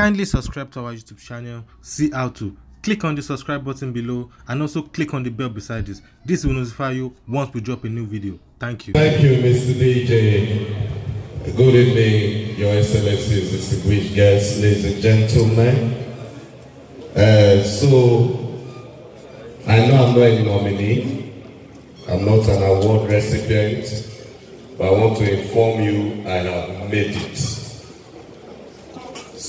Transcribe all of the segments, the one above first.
Kindly subscribe to our YouTube channel, see how to. Click on the subscribe button below and also click on the bell beside this. This will notify you once we drop a new video. Thank you. Thank you, Mr. DJ. Good evening, Your Excellencies, distinguished guests, ladies and gentlemen. Uh, so, I know I'm not a nominee. I'm not an award recipient. But I want to inform you I have made it.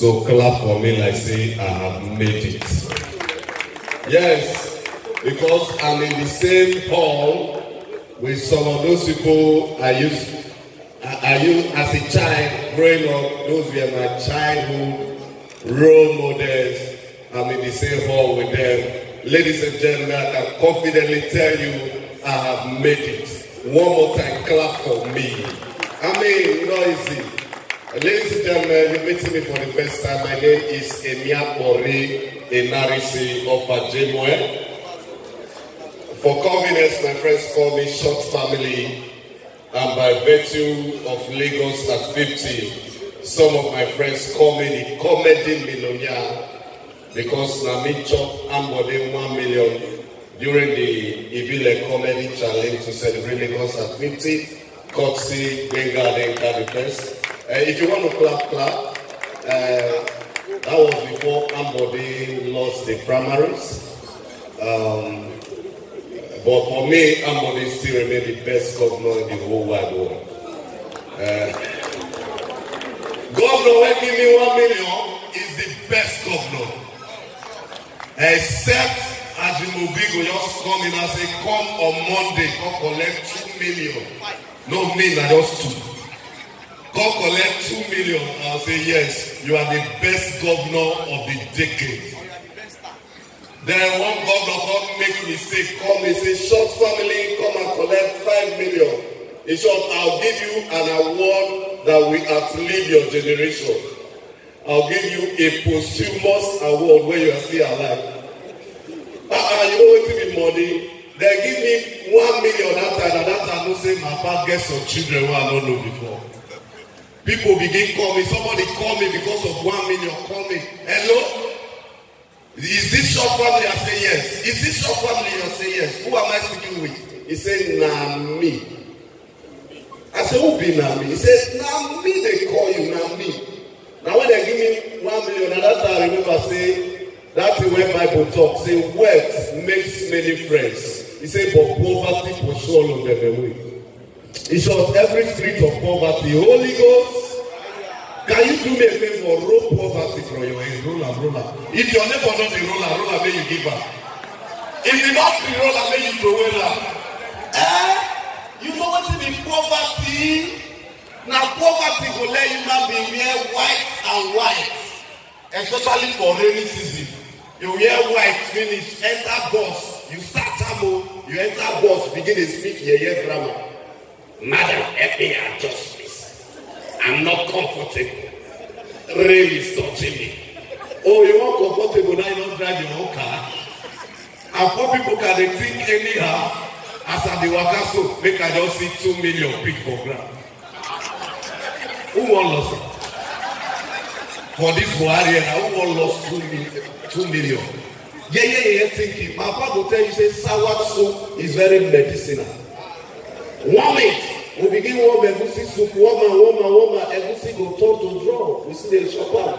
So clap for me like say I have made it. Yes, because I'm in the same hall with some of those people I used I, I used as a child growing up, those were my childhood role models. I'm in the same hall with them. Ladies and gentlemen, I can confidently tell you I have made it. One more time, clap for me. I mean, noisy. Ladies and gentlemen, you're meeting me for the first time. My name is Emia Ori Enarisi of Ajemwe. For convenience, my friends call me Short Family. And by virtue of Lagos at 50, some of my friends call me the comedy millionaire because na me chop Ambode 1 million during the Ibile Comedy Challenge to celebrate Lagos at 50. Coxie Benga Adenka the first. Eh, if you want to clap, clap. Eh, that was before Ambody lost the primaries. Um, but for me, Ambody still remains the best governor in the whole wide world. Uh, governor wey give me one million is the best governor. Except Ajimobi go just come in and say, come on Monday, come collect two million. No, me, na just two. God collect two million and say yes you are the best governor of the decade then one governor come make mistake come he say short family come and collect five million in short i will give you an award that will outlive your generation i will give you a posthumous award when you are still alive ah ah you know wetin money dem give me one million that time and that time no say my papa get some children wey i no know before. People begin call me. Somebody call me because of one million. Call me. Hello? Is this your family? I say yes. Is this your family? I say yes. Who am I speaking with? He said, Nah, me. I said, Who be Nami? He said, Nah, me they call you, nah, me. Now, when they give me one million, and that's how I remember say, that's the way Bible talk. Say, wealth makes many friends. He say But poverty puts all of them away. In short, every spirit of poverty, Holy Ghost, can you do me a favor? Roll poverty from your hand. Roller, roller. If your neighbor not be roller, roller may you give up. If you not be roller, may you throw her. Eh? You know what be poverty? Now poverty will let you man be wear white and white, especially for rainy season. You wear white finish, enter bus, you start ammo, you enter bus, begin to speak yeye grammar. Mother, help me adjust this. I'm not comfortable. Rain is touching me. Oh, you are comfortable now, you don't drive your own car. And poor people can they think anyhow. As I dey waka so, make I just see two million pig for ground. Who won lost it? For this Buhari era, who won lost two million? Two million. Yeah, yeah, yeah, thinking. My father go tell you, say, sour soup is very medicinal. Warm it. We begin warm egusi soup, warmer, warmer, warmer. Egusi go turn to draw. We see the chopper.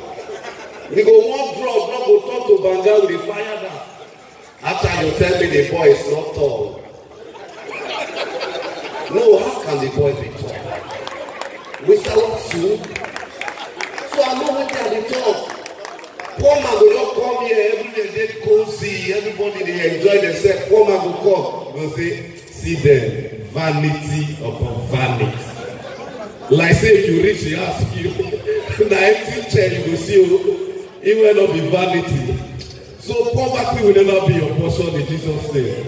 We go warm draw, draw go turn to banga. We fire down. After you tell me the boy is not tall. No, how can the boy be tall? We sell up soup. So I know what they are tall. Poor man go just come here every day, dey cozy. Everybody dey enjoy themselves. Poor man go come, go say, see them vanity upon vanity like say if you reach the house you na empty chair you go see o e wey no be vanity so poverty will never be your portion in jesus name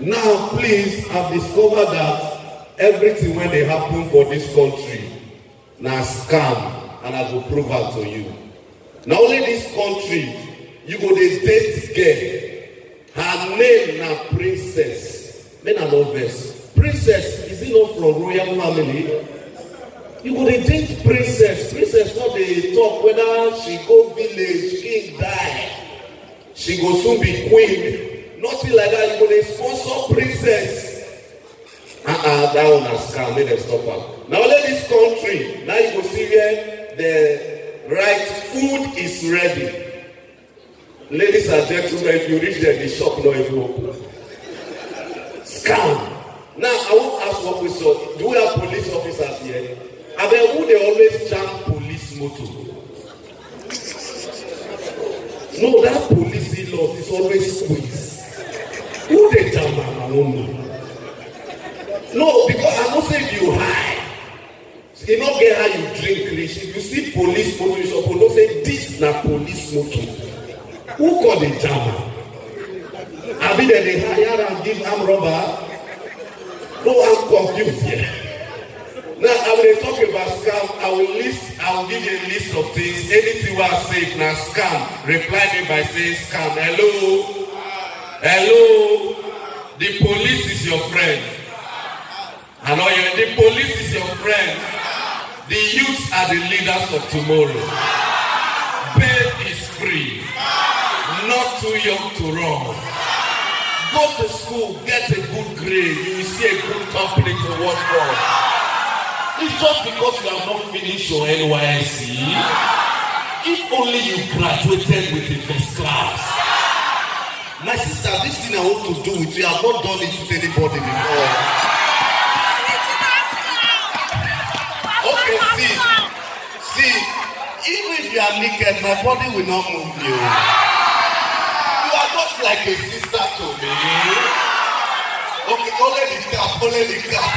now please I've discovered that everything when they happen for this country na scam and i will prove out to you na only this country you go dey date girl her name na princess make i no vex Princess, is it not from royal family? You go dey think princess, princess no dey talk whether she go village, king die, she go soon be queen, nothing like that. You go dey sponsor princess. Uh-uh, that one na scam, make dem stop am. Na only this country, na you go see where the right food is ready. Ladies and gentlemen, if you reach there, the shop no even open. Scam. Now, I won't ask what we saw. Do we have police officers here? And then who they always jam police motor? No, that police law is always squeeze. Who they jam my I don't No, because I know say if you high, e no get how you drink rich. If you see police motor, you suppose know say this na police motor. Who call the jam am? Abi they hire and give arm robber? No one confused here. Now I will talk about scam. I will list, I will give you a list of things. Anything I say now scam. Reply me by saying scam. Hello. Hello. The police is your friend. And all your the police is your friend. The youths are the leaders of tomorrow. Bail is free. Not too young to run go to school, get a good grade, you will see a good company to work for. It's just because you have not finished your NYSC. E. If only you graduated with a first class. My sister, this thing I want to do with you, I have not done it with anybody before. Okay, see, see, even if you are naked, my body will not move you. like a sister to me. Okay, only the cap, only the cap.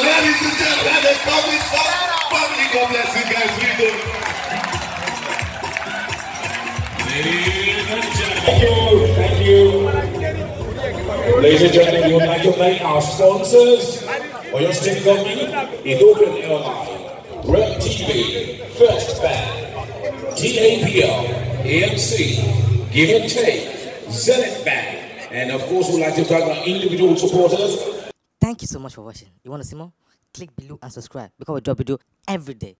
Ladies and gentlemen, this family, family, God bless you guys. We do. Ladies and gentlemen. Thank you, thank you. Ladies and gentlemen, we would like to thank our sponsors, for Oyo State Government, Ethiopian Airlines, Red TV, First Bank, TAPL, AMC, give and take, sell it back. And of course, we'd like to talk about individual supporters. Thank you so much for watching. You want to see more? Click below and subscribe because we drop video every day.